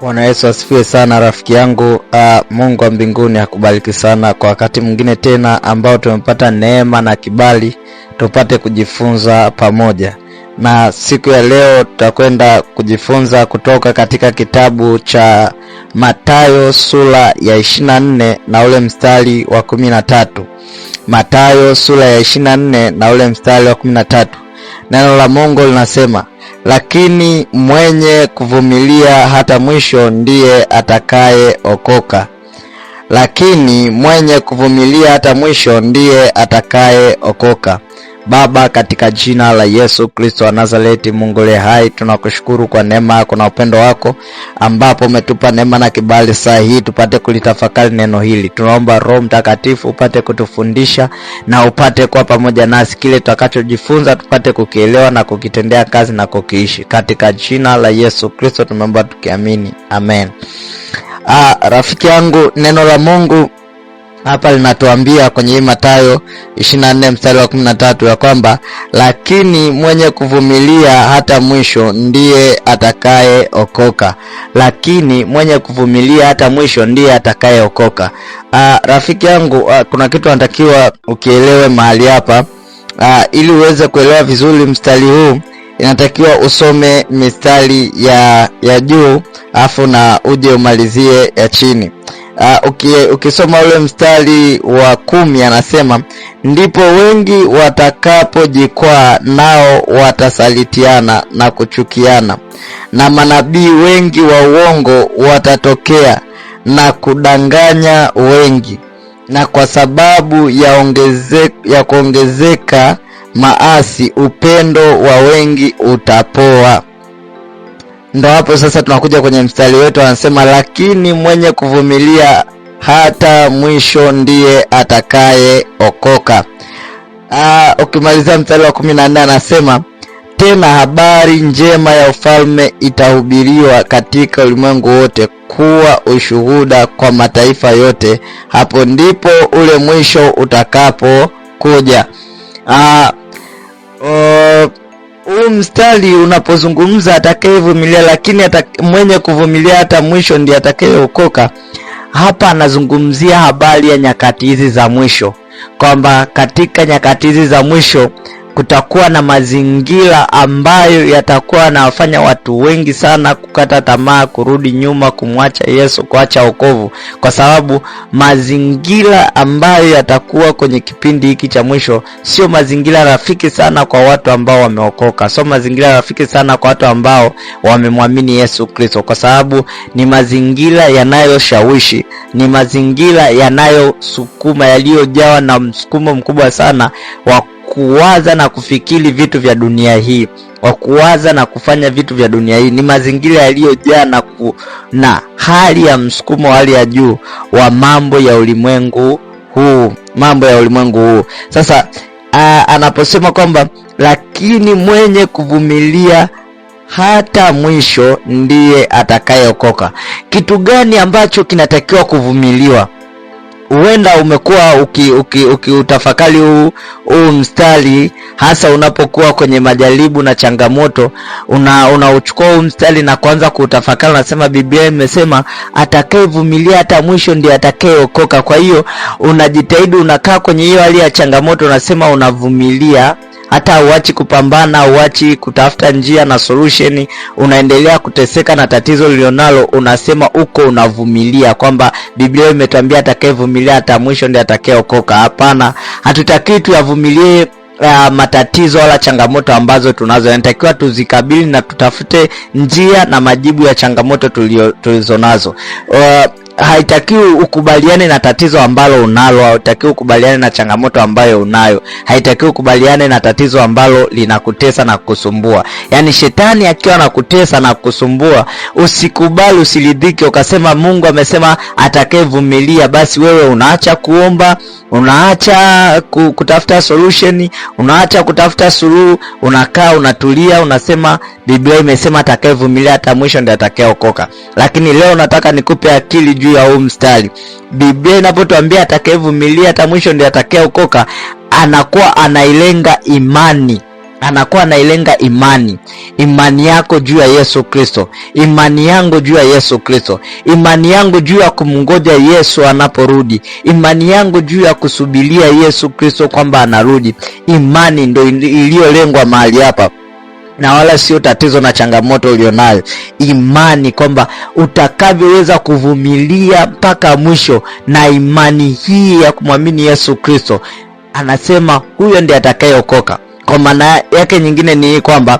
Bwana Yesu asifiwe sana rafiki yangu. Uh, Mungu wa mbinguni akubariki sana kwa wakati mwingine tena ambao tumepata neema na kibali tupate kujifunza pamoja, na siku ya leo tutakwenda kujifunza kutoka katika kitabu cha Mathayo sura ya 24 na ule mstari wa 13. Mathayo sura ya 24 na ule mstari wa tatu Neno la Mungu linasema, lakini mwenye kuvumilia hata mwisho ndiye atakayeokoka. Lakini mwenye kuvumilia hata mwisho ndiye atakayeokoka. Baba, katika jina la Yesu Kristo wa Nazareti, Mungu le hai, tunakushukuru kwa neema yako na upendo wako, ambapo umetupa neema na kibali saa hii tupate kulitafakari neno hili. Tunaomba Roho Mtakatifu upate kutufundisha na upate kuwa pamoja nasi, kile tutakachojifunza tupate kukielewa na kukitendea kazi na kukiishi, katika jina la Yesu Kristo tumeomba tukiamini, amen. Ah, rafiki yangu, neno la Mungu hapa linatuambia kwenye hii Mathayo 24 mstari wa 13 ya kwamba lakini mwenye kuvumilia hata mwisho ndiye atakayeokoka. Lakini mwenye kuvumilia hata mwisho ndiye atakayeokoka. Ah, rafiki yangu, a, ah, kuna kitu anatakiwa ukielewe mahali hapa, ah, ili uweze kuelewa vizuri mstari huu inatakiwa usome mistari ya, ya juu afu na uje umalizie ya chini uh, ah, okay, ukisoma ule mstari wa kumi anasema ndipo wengi watakapojikwaa nao watasalitiana na kuchukiana na manabii wengi wa uongo watatokea na kudanganya wengi na kwa sababu ya, ongeze, ya kuongezeka maasi upendo wa wengi utapoa. Ndo hapo sasa tunakuja kwenye mstari wetu, anasema lakini mwenye kuvumilia hata mwisho ndiye atakayeokoka. Ah, Ukimalizia mstari wa kumi na nne anasema tena habari njema ya ufalme itahubiriwa katika ulimwengu wote kuwa ushuhuda kwa mataifa yote, hapo ndipo ule mwisho utakapokuja. Aa, ah, o, oh, huu mstari unapozungumza atakayevumilia, lakini atak, mwenye kuvumilia hata mwisho ndiye atakayeokoka. Hapa anazungumzia habari ya nyakati hizi za mwisho, kwamba katika nyakati hizi za mwisho kutakuwa na mazingira ambayo yatakuwa yanawafanya watu wengi sana kukata tamaa, kurudi nyuma, kumwacha Yesu, kuacha okovu kwa sababu mazingira ambayo yatakuwa kwenye kipindi hiki cha mwisho sio mazingira rafiki sana kwa watu ambao wameokoka, sio mazingira rafiki sana kwa watu ambao wamemwamini Yesu Kristo, kwa sababu ni mazingira yanayoshawishi, ni mazingira yanayosukuma, yaliyojawa na msukumo mkubwa sana wa kuwaza na kufikiri vitu vya dunia hii, wa kuwaza na kufanya vitu vya dunia hii. Ni mazingira yaliyojaa na, na hali ya msukumo wa hali ya juu wa mambo ya ulimwengu huu, mambo ya ulimwengu huu. Sasa a, anaposema kwamba lakini mwenye kuvumilia hata mwisho ndiye atakayeokoka. Kitu gani ambacho kinatakiwa kuvumiliwa? huenda umekuwa ukiutafakari uki, uki, huu mstari hasa unapokuwa kwenye majaribu na changamoto, unauchukua una huu mstari na kuanza kuutafakari, unasema Biblia imesema atakayevumilia hata mwisho ndiye atakayeokoka. Kwa hiyo unajitahidi, unakaa kwenye hiyo hali ya changamoto, unasema unavumilia hata hauachi kupambana, hauachi kutafuta njia na solution. Unaendelea kuteseka na tatizo lilionalo, unasema uko unavumilia, kwamba Biblia imetuambia atakayevumilia hata mwisho ndiye atakayeokoka. Hapana, hatutakiwi tuyavumilie Uh, matatizo wala changamoto ambazo tunazo inatakiwa tuzikabili na tutafute njia na majibu ya changamoto tulizo nazo. Uh, haitakiwi ukubaliane na tatizo ambalo unalo, haitakiwi ukubaliane na changamoto ambayo unayo, haitakiwi ukubaliane na tatizo ambalo linakutesa na kusumbua Yaani shetani akiwa anakutesa na kusumbua usikubali, usiridhike ukasema Mungu amesema atakayevumilia. Basi wewe unaacha kuomba, unaacha kutafuta solution, unaacha kutafuta suluhu, unakaa unatulia, unasema Biblia imesema atakayevumilia hata mwisho ndiye atakayeokoka. Lakini leo nataka nikupe akili juu ya huu mstari. Biblia inapotuambia atakayevumilia hata mwisho ndiye atakayeokoka, anakuwa anailenga imani anakuwa anailenga imani, imani yako juu ya Yesu Kristo, imani yangu juu ya Yesu Kristo, imani yangu juu ya kumngoja Yesu anaporudi, imani yangu juu ya kusubiria Yesu Kristo kwamba anarudi. Imani ndio iliyolengwa mahali hapa na wala sio tatizo na changamoto ulionayo, imani kwamba utakavyoweza kuvumilia mpaka mwisho, na imani hii ya kumwamini Yesu Kristo, anasema huyo ndiye atakayeokoka. Kwa maana yake nyingine ni kwamba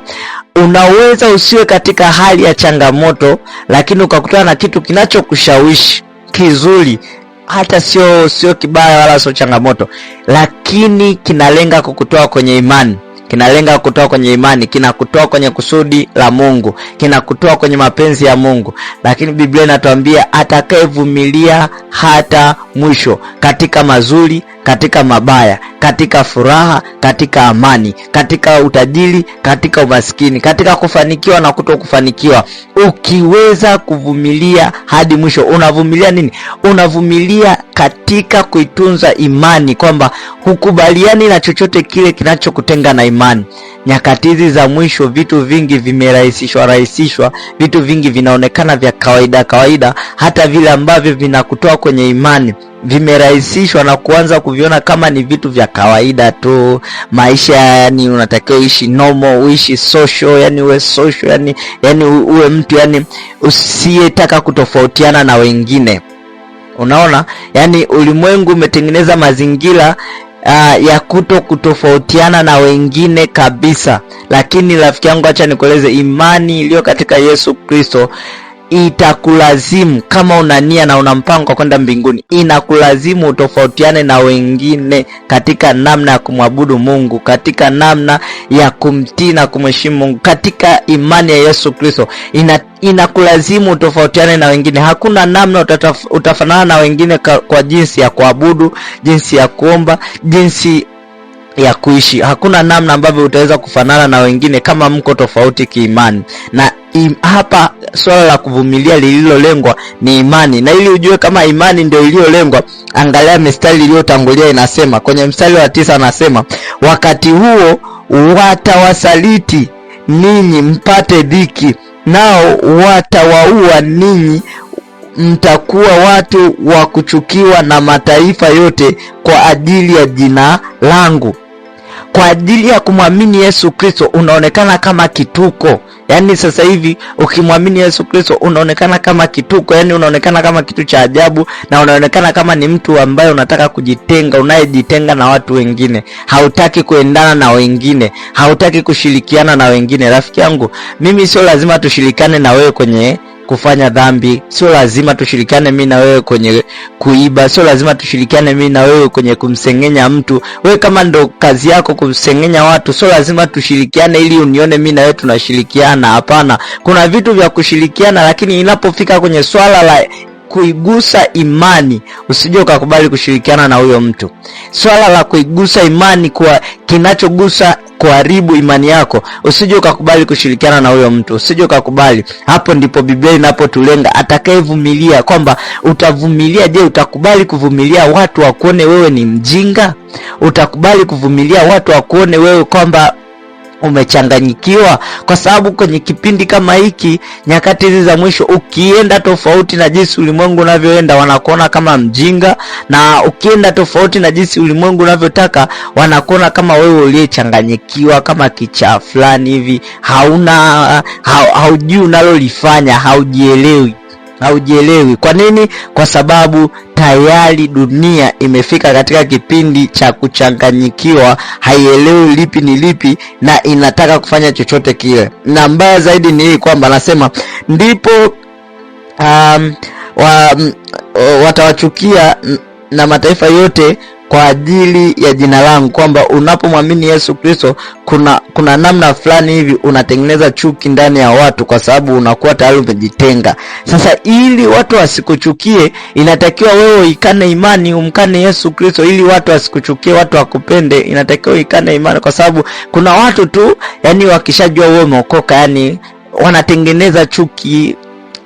unaweza usiwe katika hali ya changamoto, lakini ukakutana na kitu kinachokushawishi kizuri, hata sio sio kibaya wala sio changamoto, lakini kinalenga kukutoa kwenye imani kinalenga kutoa kwenye imani, kinakutoa kwenye kusudi la Mungu, kinakutoa kwenye mapenzi ya Mungu. Lakini Biblia inatuambia atakayevumilia hata mwisho katika mazuri katika mabaya, katika furaha, katika amani, katika utajiri, katika umaskini, katika kufanikiwa na kutokufanikiwa. Ukiweza kuvumilia hadi mwisho. Unavumilia nini? Unavumilia katika kuitunza imani, kwamba hukubaliani na chochote kile kinachokutenga na imani. Nyakati hizi za mwisho, vitu vingi vimerahisishwa rahisishwa, vitu vingi vinaonekana vya kawaida kawaida, hata vile ambavyo vinakutoa kwenye imani vimerahisishwa na kuanza kuviona kama ni vitu vya kawaida tu. Maisha yani unatakiwa uishi normal, uishi social, yani uwe social, yani yani uwe mtu yani usiyetaka kutofautiana na wengine. Unaona, yani ulimwengu umetengeneza mazingira Uh, ya kuto kutofautiana na wengine kabisa. Lakini rafiki yangu, acha nikueleze imani iliyo katika Yesu Kristo itakulazimu kama una nia na una mpango wa kwenda mbinguni, inakulazimu utofautiane na wengine katika namna ya kumwabudu Mungu, katika namna ya kumtii na kumheshimu Mungu, katika imani ya Yesu Kristo. Ina, inakulazimu utofautiane na wengine. Hakuna namna utataf, utafanana na wengine kwa, kwa jinsi ya kuabudu, jinsi ya kuomba, jinsi ya kuishi. Hakuna namna ambavyo utaweza kufanana na wengine kama mko tofauti kiimani na hapa swala la kuvumilia lililolengwa ni imani, na ili ujue kama imani ndio iliyolengwa, angalia mistari iliyotangulia inasema. Kwenye mstari wa tisa anasema, wakati huo watawasaliti ninyi mpate dhiki, nao watawaua ninyi, mtakuwa watu wa kuchukiwa na mataifa yote kwa ajili ya jina langu kwa ajili ya kumwamini Yesu Kristo unaonekana kama kituko. Yaani sasa hivi ukimwamini Yesu Kristo unaonekana kama kituko, yaani unaonekana kama kitu cha ajabu, na unaonekana kama ni mtu ambaye unataka kujitenga, unayejitenga na watu wengine, hautaki kuendana na wengine, hautaki kushirikiana na wengine. Rafiki yangu, mimi sio lazima tushirikane na wewe kwenye kufanya dhambi, sio lazima tushirikiane mimi na wewe kwenye kuiba, sio lazima tushirikiane mimi na wewe kwenye kumsengenya mtu. Wewe kama ndo kazi yako kumsengenya watu, sio lazima tushirikiane ili unione mimi na wewe tunashirikiana. Hapana, kuna vitu vya kushirikiana, lakini inapofika kwenye swala la kuigusa imani usije ukakubali kushirikiana na huyo mtu. Swala la kuigusa imani kwa kinachogusa kuharibu imani yako, usije ukakubali kushirikiana na huyo mtu, usije ukakubali. Hapo ndipo Biblia inapotulenga atakayevumilia, kwamba utavumilia. Je, utakubali kuvumilia watu wakuone wewe ni mjinga? Utakubali kuvumilia watu wakuone wewe kwamba umechanganyikiwa, kwa sababu kwenye kipindi kama hiki, nyakati hizi za mwisho, ukienda tofauti na jinsi ulimwengu unavyoenda, wanakuona kama mjinga, na ukienda tofauti na jinsi ulimwengu unavyotaka, wanakuona kama wewe uliyechanganyikiwa, kama kichaa fulani hivi, hauna ha, haujui unalolifanya, haujielewi haujielewi. Kwa nini? Kwa sababu tayari dunia imefika katika kipindi cha kuchanganyikiwa, haielewi lipi ni lipi na inataka kufanya chochote kile, na mbaya zaidi ni hii kwamba anasema ndipo um, wa, mm, watawachukia na mataifa yote kwa ajili ya jina langu, kwamba unapomwamini Yesu Kristo kuna, kuna namna fulani hivi unatengeneza chuki ndani ya watu, kwa sababu unakuwa tayari umejitenga. Sasa ili watu wasikuchukie, inatakiwa wewe uikane imani, umkane Yesu Kristo. Ili watu wasikuchukie, watu wakupende, inatakiwa uikane imani, kwa sababu kuna watu tu yani wakishajua wewe umeokoka yani wanatengeneza chuki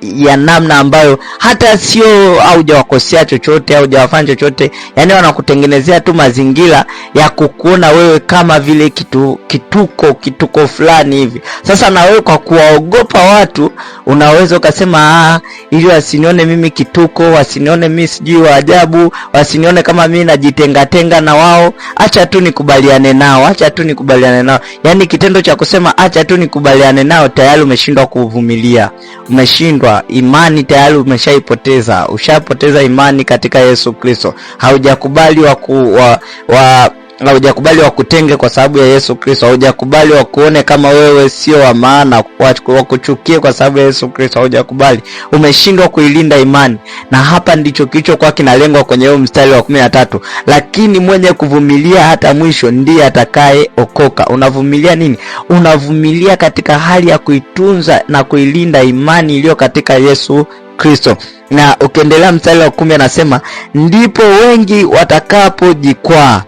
ya namna ambayo hata sio haujawakosea chochote au hujawafanya chochote, yani wanakutengenezea tu mazingira ya kukuona wewe kama vile kitu, kituko kituko fulani hivi. Sasa na wewe kwa kuwaogopa watu unaweza ukasema ah, ili wasinione mimi kituko, wasinione mimi sijui wa ajabu, wasinione kama mimi najitengatenga na wao, acha tu nikubaliane nao, acha tu nikubaliane nao. Yani kitendo cha kusema acha tu nikubaliane nao tayari umeshindwa kuvumilia, umeshindwa kuwa imani tayari umeshaipoteza, ushapoteza imani katika Yesu Kristo, haujakubali wa, wa, wa haujakubali wakutenge kwa sababu ya Yesu Kristo, haujakubali wakuone kama wewe sio wa maana, wakuchukie kwa sababu ya Yesu Kristo, haujakubali, umeshindwa kuilinda imani. Na hapa ndicho kilichokuwa kinalengwa kwenye huo mstari wa kumi na tatu, lakini mwenye kuvumilia hata mwisho ndiye atakayeokoka. Unavumilia nini? Unavumilia katika hali ya kuitunza na kuilinda imani iliyo katika Yesu Kristo. Na ukiendelea mstari wa kumi anasema ndipo wengi watakapojikwaa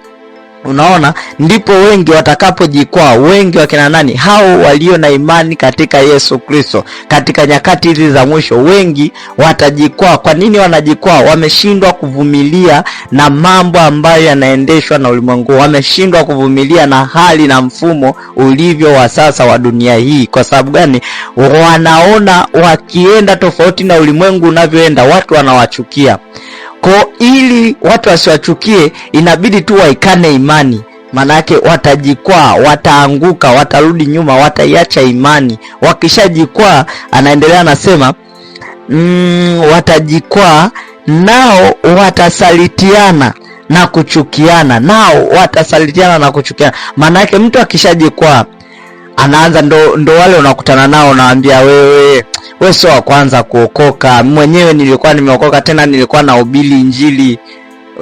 Unaona, ndipo wengi watakapojikwaa, wengi wakina nani hao walio na imani katika Yesu Kristo. Katika nyakati hizi za mwisho, wengi watajikwaa. Kwa nini wanajikwaa? Wameshindwa kuvumilia na mambo ambayo yanaendeshwa na ulimwengu, wameshindwa kuvumilia na hali na mfumo ulivyo wa sasa wa dunia hii. Kwa sababu gani? Wanaona wakienda tofauti na ulimwengu unavyoenda, watu wanawachukia. Kwa ili watu wasiwachukie, inabidi tu waikane imani, maanayake watajikwaa, wataanguka, watarudi nyuma, wataiacha imani. Wakishajikwaa, anaendelea anasema mm, watajikwaa nao watasalitiana na kuchukiana, nao watasalitiana na kuchukiana. Maanake mtu akishajikwaa anaanza ndo, ndo wale unakutana nao naambia wewe we sio wa kwanza kuokoka. Mwenyewe nilikuwa nimeokoka, tena nilikuwa na ubili Injili.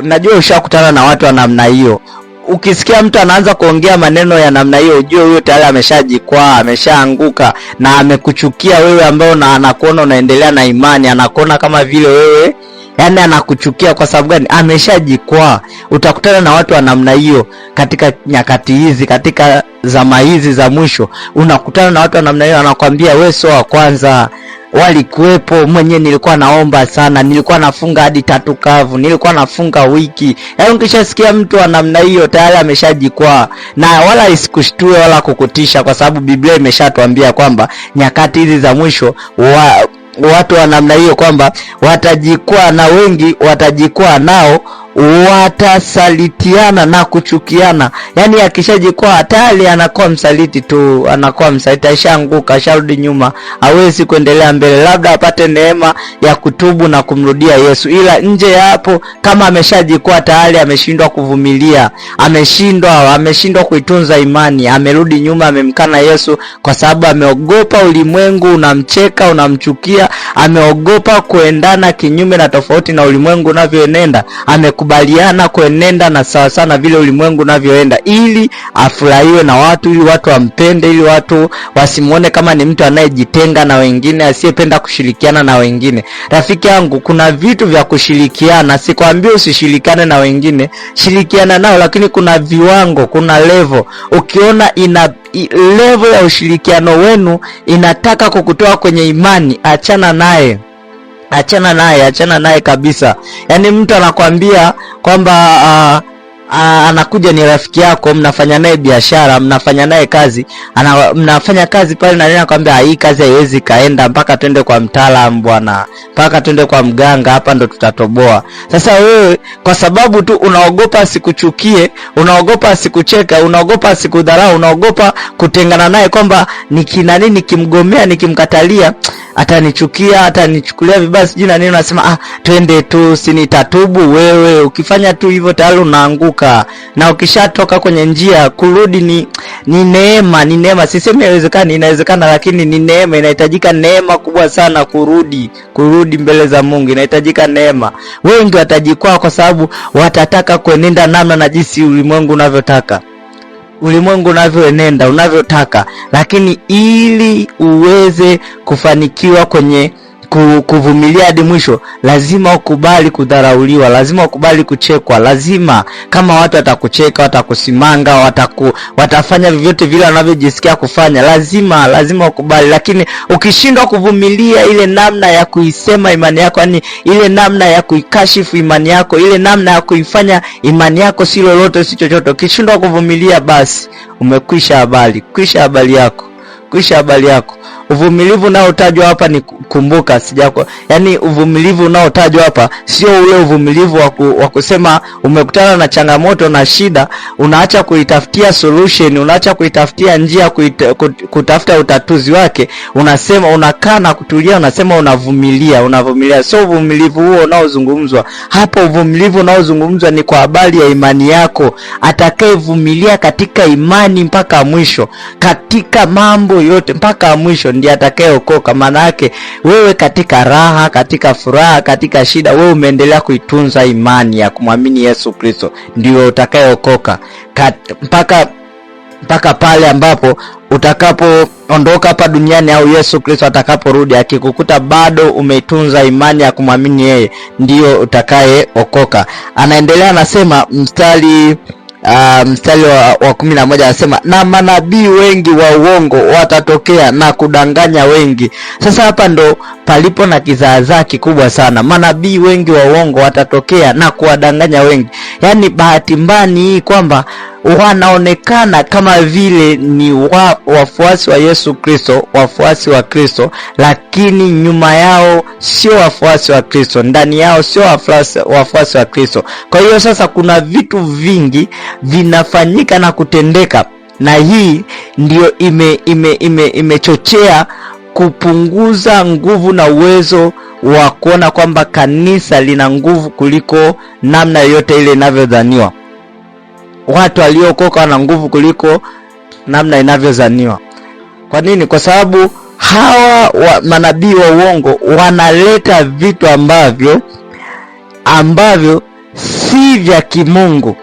Najua ushakutana na watu wa namna hiyo. Ukisikia mtu anaanza kuongea maneno ya namna hiyo, ujue huyo tayari ameshajikwaa, ameshaanguka na amekuchukia wewe, ambao na anakuona unaendelea na imani, anakuona kama vile wewe yani anakuchukia kwa sababu gani? Ameshajikwaa. Utakutana na watu wa namna hiyo katika nyakati hizi, katika zama hizi za mwisho, unakutana na watu wa namna hiyo, anakwambia wewe sio wa kwanza, walikuwepo. Mwenye nilikuwa naomba sana, nilikuwa nafunga hadi tatu kavu, nilikuwa nafunga wiki. Yaani ukishasikia mtu wa namna hiyo tayari ameshajikwaa, na wala isikushtue wala kukutisha, kwa sababu Biblia imeshatuambia kwamba nyakati hizi za mwisho wa watu wa namna hiyo kwamba watajikwaa na wengi watajikwaa nao watasalitiana na kuchukiana. yani akishajikuwa hatari, anakuwa msaliti tu, anakuwa msaliti, ashaanguka, asharudi nyuma, hawezi kuendelea mbele, labda apate neema ya kutubu na kumrudia Yesu. Ila nje ya hapo, kama ameshajikuwa tayari, ameshindwa kuvumilia, ameshindwa, ameshindwa kuitunza imani, amerudi nyuma, amemkana Yesu kwa sababu ameogopa ulimwengu, unamcheka, unamchukia, ameogopa kuendana kinyume na tofauti na ulimwengu unavyoenenda, amekubali kukubaliana kuenenda na sawa na vile ulimwengu unavyoenda, ili afurahiwe na watu, ili watu wampende, ili watu wasimuone kama ni mtu anayejitenga na wengine, asiyependa kushirikiana na wengine. Rafiki yangu, kuna vitu vya kushirikiana. Sikwambia usishirikiane na wengine, shirikiana nao, lakini kuna viwango, kuna levo Ukiona ina level ya ushirikiano wenu inataka kukutoa kwenye imani, achana naye achana naye, achana naye kabisa. Yaani mtu anakwambia kwamba ah, Ah, anakuja ni rafiki yako, mnafanya naye biashara, mnafanya naye kazi, ana, mnafanya kazi pale na nini, akwambia ah, hii kazi haiwezi kaenda mpaka twende kwa mtaalamu bwana, mpaka twende kwa mganga, hapa ndo tutatoboa. Sasa wewe kwa sababu tu unaogopa asikuchukie, unaogopa asikucheka, unaogopa asikudharau, unaogopa kutengana naye kwamba nikina nini, nikimgomea, nikimkatalia atanichukia, atanichukulia vibaya, sijui na nini, unasema ah, twende tu, sinitatubu Wewe ukifanya tu hivyo tayari unaanguka kutoka, na ukishatoka kwenye njia kurudi ni ni neema, ni neema. Sisemi haiwezekani, inawezekana, lakini ni neema. Inahitajika neema kubwa sana kurudi, kurudi mbele za Mungu, inahitajika neema. Wengi watajikwaa kwa sababu watataka kuenenda namna na jinsi ulimwengu unavyotaka ulimwengu unavyoenenda unavyotaka, lakini ili uweze kufanikiwa kwenye kuvumilia hadi mwisho, lazima ukubali kudharauliwa, lazima ukubali kuchekwa, lazima kama watu watakucheka, watakusimanga, wataku, watafanya vyovyote vile wanavyojisikia kufanya, lazima lazima ukubali. Lakini ukishindwa kuvumilia ile namna ya kuisema imani yako, yani ile namna ya kuikashifu imani yako, ile namna ya kuifanya imani yako si lolote si chochote, ukishindwa kuvumilia, basi umekwisha habari, kwisha habari yako kuisha habari yako. Uvumilivu unaotajwa hapa ni kumbuka, sijako yani, uvumilivu unaotajwa hapa sio ule uvumilivu wa kusema umekutana na changamoto na shida, unaacha kuitafutia solution, unaacha kuitafutia njia kuita, kutafuta utatuzi wake, unasema unakaa na kutulia, unasema unavumilia, unavumilia. Sio uvumilivu huo unaozungumzwa hapo. Uvumilivu unaozungumzwa ni kwa habari ya imani yako, atakayevumilia katika imani mpaka mwisho katika mambo yote mpaka mwisho ndiye atakayeokoka. Maana yake wewe, katika raha, katika furaha, katika shida, wewe umeendelea kuitunza imani ya kumwamini Yesu Kristo, ndio utakayeokoka mpaka mpaka pale ambapo utakapoondoka hapa duniani au Yesu Kristo atakaporudi akikukuta bado umeitunza imani ya kumwamini yeye, ndiyo utakayeokoka. Anaendelea anasema mstari Ah, mstari um, wa kumi na moja anasema na manabii wengi wa uongo watatokea na kudanganya wengi. Sasa hapa ndo palipo na kizaazaa kikubwa sana. Manabii wengi wa uongo watatokea na kuwadanganya wengi yani bahati mbaya ni hii kwamba wanaonekana kama vile ni wa, wafuasi wa Yesu Kristo, wafuasi wa Kristo, lakini nyuma yao sio wafuasi wa Kristo, ndani yao sio wafuasi wa Kristo. Kwa hiyo sasa kuna vitu vingi vinafanyika na kutendeka, na hii ndiyo imechochea ime, ime, ime kupunguza nguvu na uwezo wa kuona kwamba kanisa lina nguvu kuliko namna yoyote ile inavyodhaniwa. Watu waliokoka wana nguvu kuliko namna inavyodhaniwa. Kwa nini? Kwa sababu hawa manabii wa uongo wanaleta vitu ambavyo ambavyo si vya kimungu,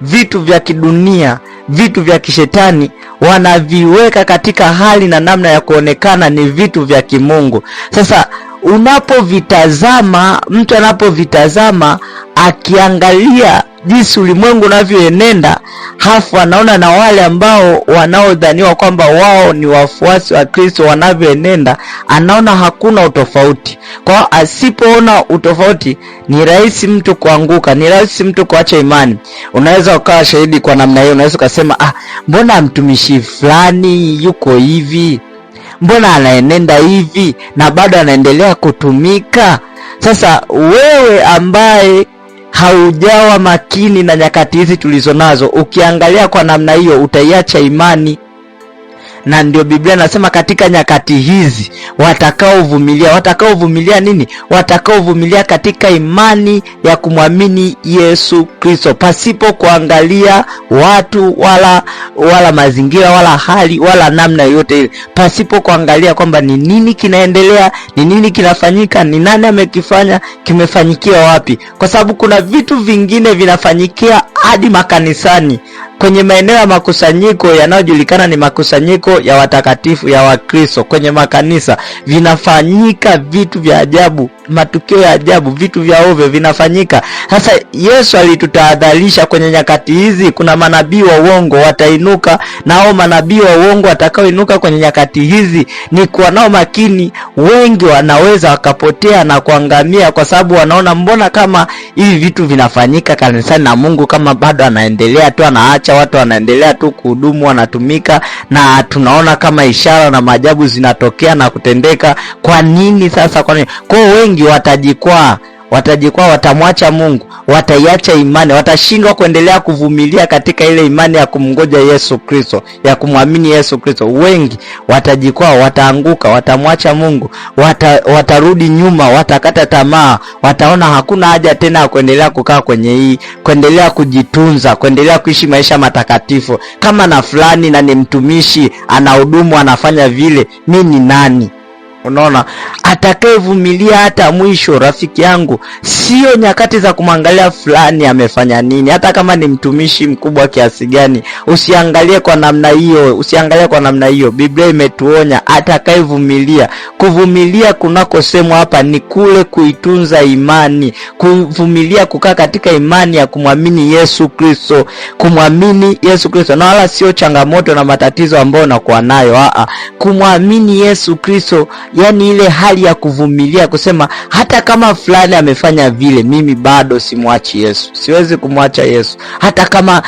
vitu vya kidunia, vitu vya kishetani wanaviweka katika hali na namna ya kuonekana ni vitu vya kimungu. Sasa unapovitazama, mtu anapovitazama akiangalia jinsi ulimwengu unavyoenenda, hafu anaona na wale ambao wanaodhaniwa kwamba wao ni wafuasi wa Kristo wanavyoenenda, anaona hakuna utofauti kwao. Asipoona utofauti, ni rahisi mtu kuanguka, ni rahisi mtu kuacha imani. Unaweza ukawa shahidi kwa namna hiyo, unaweza ukasema, ah, mbona mtumishi fulani yuko hivi mbona anaenenda hivi na bado anaendelea kutumika? Sasa wewe ambaye haujawa makini na nyakati hizi tulizo nazo, ukiangalia kwa namna hiyo, utaiacha imani na ndio Biblia nasema katika nyakati hizi watakaovumilia. Watakaovumilia nini? Watakaovumilia katika imani ya kumwamini Yesu Kristo, pasipo kuangalia watu wala wala mazingira wala hali wala namna yoyote ile, pasipo kuangalia kwamba ni nini kinaendelea, ni nini kinafanyika, ni nani amekifanya, kimefanyikia wapi, kwa sababu kuna vitu vingine vinafanyikia hadi makanisani kwenye maeneo ya makusanyiko yanayojulikana ni makusanyiko ya watakatifu ya Wakristo, kwenye makanisa vinafanyika vitu vya ajabu matukio ya ajabu, vitu vya ovyo vinafanyika. Sasa Yesu alitutahadharisha kwenye nyakati hizi, kuna manabii wa uongo watainuka, nao manabii wa uongo watakaoinuka kwenye nyakati hizi ni kuwa nao makini. Wengi wanaweza wakapotea na kuangamia, kwa sababu wanaona mbona kama hivi vitu vinafanyika kanisani na Mungu kama bado anaendelea tu, anaacha watu wanaendelea tu kuhudumu, wanatumika, na tunaona kama ishara na maajabu zinatokea na kutendeka. Kwa nini sasa? Kwa nini Kwa wengi wengi watajikwaa, watajikwaa, watamwacha Mungu, wataiacha imani, watashindwa kuendelea kuvumilia katika ile imani ya kumngoja Yesu Kristo, ya kumwamini Yesu Kristo. Wengi watajikwaa, wataanguka, watamwacha Mungu, wata, watarudi nyuma, watakata tamaa, wataona hakuna haja tena ya kuendelea kukaa kwenye hii, kuendelea kujitunza, kuendelea kuishi maisha matakatifu. Kama na fulani na ni mtumishi, anahudumu, anafanya vile, mi ni nani? Unaona, atakayevumilia hata mwisho, rafiki yangu, sio nyakati za kumwangalia fulani amefanya nini, hata kama ni mtumishi mkubwa kiasi gani. Usiangalie kwa namna hiyo, usiangalie kwa namna hiyo. Biblia imetuonya atakayevumilia. Kuvumilia kunakosemwa hapa ni kule kuitunza imani, kuvumilia, kukaa katika imani ya kumwamini Yesu Kristo, kumwamini Yesu Kristo, na wala sio changamoto na matatizo ambayo unakuwa nayo, a kumwamini Yesu Kristo yani ile hali ya kuvumilia, kusema hata kama fulani amefanya vile, mimi bado simwachi Yesu, siwezi kumwacha Yesu. Hata kama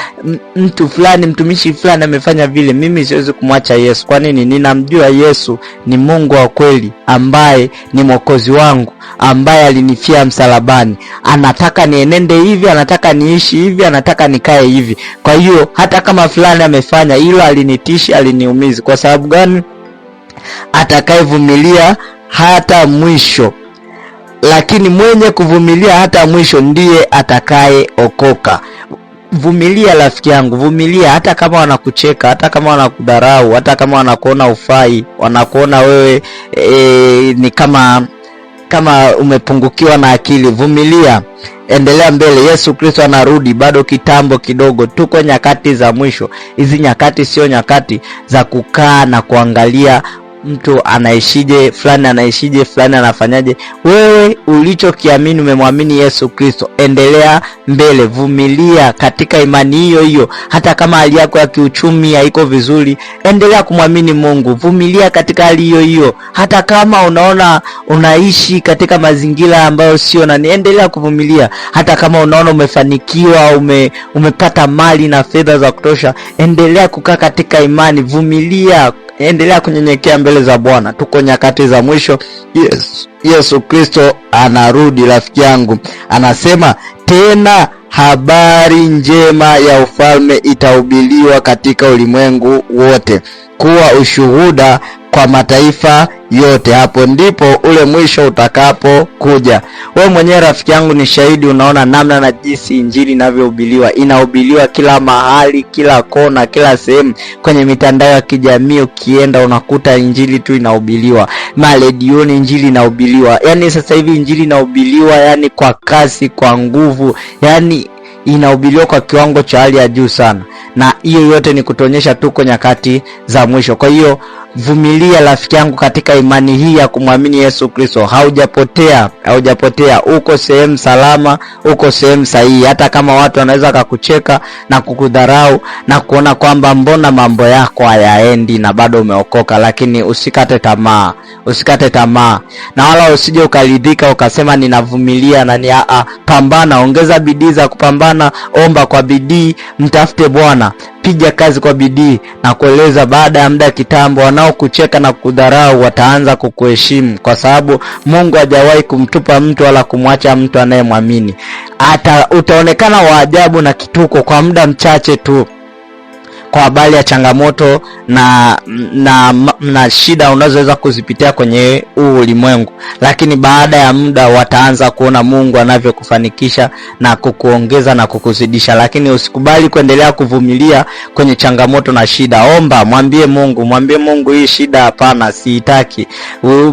mtu fulani, mtumishi fulani amefanya vile, mimi siwezi kumwacha Yesu. Kwa nini? Ninamjua Yesu ni Mungu wa kweli, ambaye ni mwokozi wangu, ambaye alinifia msalabani. Anataka nienende hivi, anataka niishi hivi, anataka nikae hivi. Kwa hiyo hata kama fulani amefanya hilo, alinitishi aliniumizi Kwa sababu gani? atakayevumilia hata mwisho, lakini mwenye kuvumilia hata mwisho ndiye atakayeokoka. Vumilia rafiki yangu, vumilia hata kama wanakucheka, hata kama wanakudharau, hata kama wanakuona ufai, wanakuona wewe e, ni kama kama umepungukiwa na akili, vumilia, endelea mbele. Yesu Kristo anarudi, bado kitambo kidogo, tuko nyakati za mwisho. Hizi nyakati sio nyakati za kukaa na kuangalia mtu anaishije, fulani anaishije, fulani anafanyaje. Wewe ulichokiamini, umemwamini Yesu Kristo, endelea mbele, vumilia katika imani hiyo hiyo. Hata kama hali yako ya kiuchumi haiko vizuri, endelea kumwamini Mungu, vumilia katika hali hiyo hiyo. Hata kama unaona unaishi katika mazingira ambayo sio nani, endelea kuvumilia. Hata kama unaona umefanikiwa, ume, umepata mali na fedha za kutosha, endelea kukaa katika imani, vumilia endelea kunyenyekea mbele za Bwana. Tuko nyakati za mwisho. Yesu, Yesu Kristo anarudi rafiki yangu, anasema tena habari njema ya ufalme itahubiriwa katika ulimwengu wote kuwa ushuhuda kwa mataifa yote. Hapo ndipo ule mwisho utakapokuja. Wewe mwenyewe rafiki yangu ni shahidi, unaona namna na jinsi injili inavyohubiliwa Inahubiriwa kila mahali, kila kona, kila sehemu. Kwenye mitandao ya kijamii ukienda, unakuta injili tu inahubiriwa, maredioni injili inahubiriwa. Yani sasa hivi injili inahubiriwa yani kwa kasi, kwa nguvu, yani inahubiliwa kwa kiwango cha hali ya juu sana na hiyo yote ni kutuonyesha tuko nyakati za mwisho. Kwa hiyo vumilia rafiki yangu katika imani hii ya kumwamini Yesu Kristo. Haujapotea, haujapotea, uko sehemu salama, uko sehemu sahihi, hata kama watu wanaweza kakucheka na kukudharau na kuona kwamba mbona mambo yako hayaendi na bado umeokoka, lakini usikate tamaa, usikate tamaa na wala usije ukaridhika ukasema ninavumilia na ni a, pambana, ongeza bidii za kupambana, omba kwa bidii, mtafute Bwana piga kazi kwa bidii na kueleza. Baada ya muda kitambo, wanaokucheka na kudharau wataanza kukuheshimu, kwa sababu Mungu hajawahi kumtupa mtu wala kumwacha mtu anayemwamini. Hata utaonekana wa ajabu na kituko kwa muda mchache tu kwa habari ya changamoto na, na, na shida unazoweza kuzipitia kwenye huu ulimwengu, lakini baada ya muda wataanza kuona Mungu anavyokufanikisha na kukuongeza na kukuzidisha. Lakini usikubali kuendelea kuvumilia kwenye changamoto na shida. Omba, mwambie Mungu, mwambie Mungu, hii shida hapana, siitaki.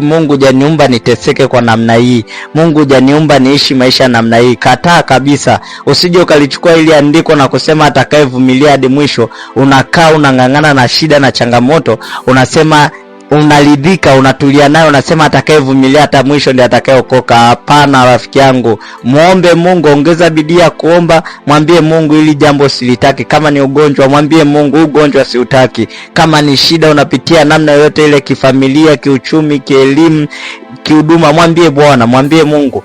Mungu janiumba niteseke kwa namna hii. Mungu janiumba niishi maisha namna hii. Kataa kabisa, usije ukalichukua ili andiko na kusema atakayevumilia hadi mwisho unakaa unang'ang'ana na shida na changamoto, unasema unaridhika, unatulia nayo, unasema atakayevumilia hata mwisho ndiye atakayeokoka. Hapana rafiki yangu, muombe Mungu, ongeza bidii ya kuomba, mwambie Mungu ili jambo silitaki. Kama ni ugonjwa, mwambie Mungu, ugonjwa siutaki. Kama ni shida unapitia namna yoyote ile, kifamilia, kiuchumi, kielimu, kihuduma, mwambie Bwana, mwambie Mungu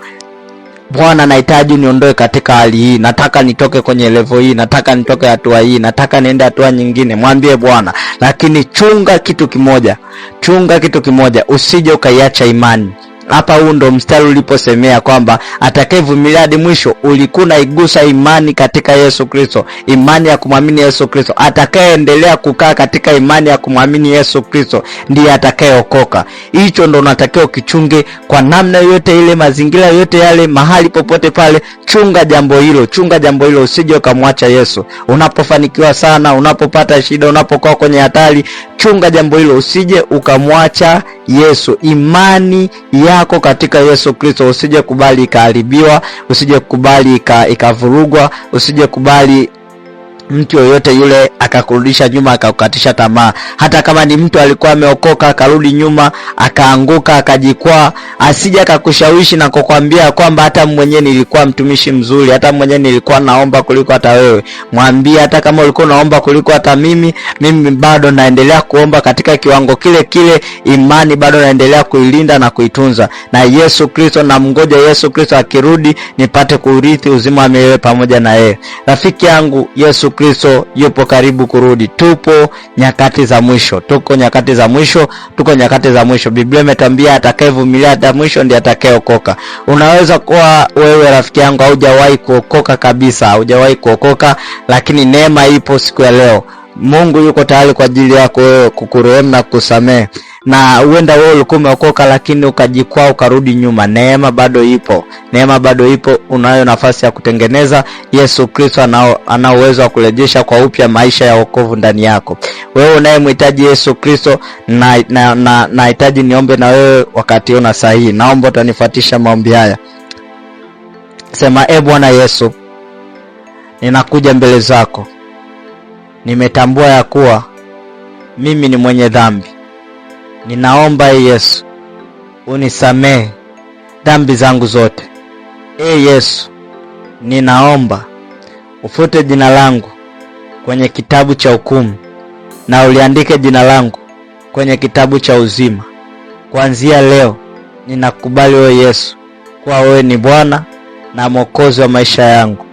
Bwana, nahitaji niondoe katika hali hii, nataka nitoke kwenye levo hii, nataka nitoke hatua hii, nataka niende hatua nyingine. Mwambie Bwana, lakini chunga kitu kimoja, chunga kitu kimoja, usije ukaiacha imani. Hapa huu ndo mstari uliposemea kwamba atakayevumilia hadi mwisho ulikuwa igusa imani katika Yesu Kristo, imani ya kumwamini Yesu Kristo. Atakayeendelea kukaa katika imani ya kumwamini Yesu Kristo ndiye atakayeokoka. Hicho ndo unatakiwa ukichunge kwa namna yote ile, mazingira yote yale, mahali popote pale, chunga jambo hilo, chunga jambo hilo, usije ukamwacha Yesu. Unapofanikiwa sana, unapopata shida, unapokuwa kwenye hatari, chunga jambo hilo, usije ukamwacha Yesu, imani yako katika Yesu Kristo, usije kubali ikaharibiwa, usije kubali ikavurugwa, usije kubali mtu yoyote yule akakurudisha nyuma akakukatisha tamaa. Hata kama ni mtu alikuwa ameokoka akarudi nyuma akaanguka akajikwaa, asije akakushawishi na kukwambia kwamba hata mwenye nilikuwa mtumishi mzuri, hata mwenye nilikuwa naomba kuliko hata wewe. Mwambie hata kama ulikuwa naomba kuliko hata mimi, mimi bado naendelea kuomba katika kiwango kile kile, imani bado naendelea kuilinda na kuitunza, na Yesu Kristo na namngoja Yesu Kristo akirudi nipate kurithi uzima wa milele pamoja na yeye. Rafiki yangu Yesu Christo, Kristo yupo karibu kurudi. Tupo nyakati za mwisho, tuko nyakati za mwisho, tuko nyakati za mwisho. Biblia imetambia atakayevumilia hata mwisho ndiye atakayeokoka. Unaweza kuwa wewe rafiki yangu haujawahi kuokoka kabisa, haujawahi kuokoka, lakini neema ipo siku ya leo. Mungu yuko tayari kwa ajili yako wewe kukurehemu na kukusamehe na huenda wewe ulikuwa umeokoka lakini ukajikwaa ukarudi nyuma. Neema bado ipo, neema bado ipo. Unayo nafasi ya kutengeneza. Yesu Kristo ana uwezo wa kurejesha kwa upya maisha ya wokovu ndani yako. Wewe unayemhitaji Yesu Kristo, nahitaji na, na, na niombe na wewe wakati una sahihi. Naomba utanifuatisha maombi haya. Sema, e Bwana Yesu, ninakuja mbele zako, nimetambua ya kuwa mimi ni mwenye dhambi Ninaomba e Yesu, unisamehe dhambi zangu zote. E Yesu, ninaomba ufute jina langu kwenye kitabu cha hukumu na uliandike jina langu kwenye kitabu cha uzima. Kuanzia leo ninakubali wewe Yesu kuwa wewe ni Bwana na Mwokozi wa maisha yangu.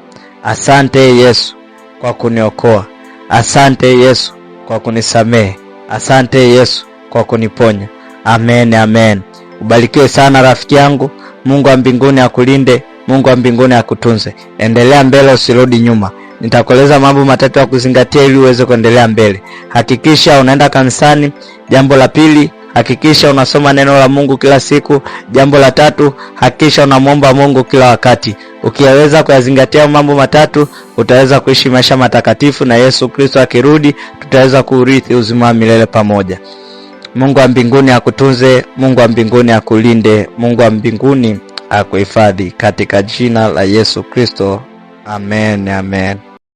Asante ee Yesu kwa kuniokoa. Asante Yesu kwa kunisamehe. Asante Yesu kwa kuniponya. Amen, amen. Ubarikiwe sana rafiki yangu. Mungu wa mbinguni akulinde, Mungu wa mbinguni akutunze. Endelea mbele, usirudi nyuma. Nitakueleza mambo matatu ya kuzingatia ili uweze kuendelea mbele. Hakikisha unaenda kanisani. Jambo la pili, hakikisha unasoma neno la Mungu kila siku. Jambo la tatu, hakikisha unamwomba Mungu kila wakati. Ukiweza kuyazingatia mambo matatu, utaweza kuishi maisha matakatifu, na Yesu Kristo akirudi, tutaweza kuurithi uzima wa milele pamoja. Mungu wa mbinguni akutunze, Mungu wa mbinguni akulinde, Mungu wa mbinguni akuhifadhi katika jina la Yesu Kristo. Amen, amen.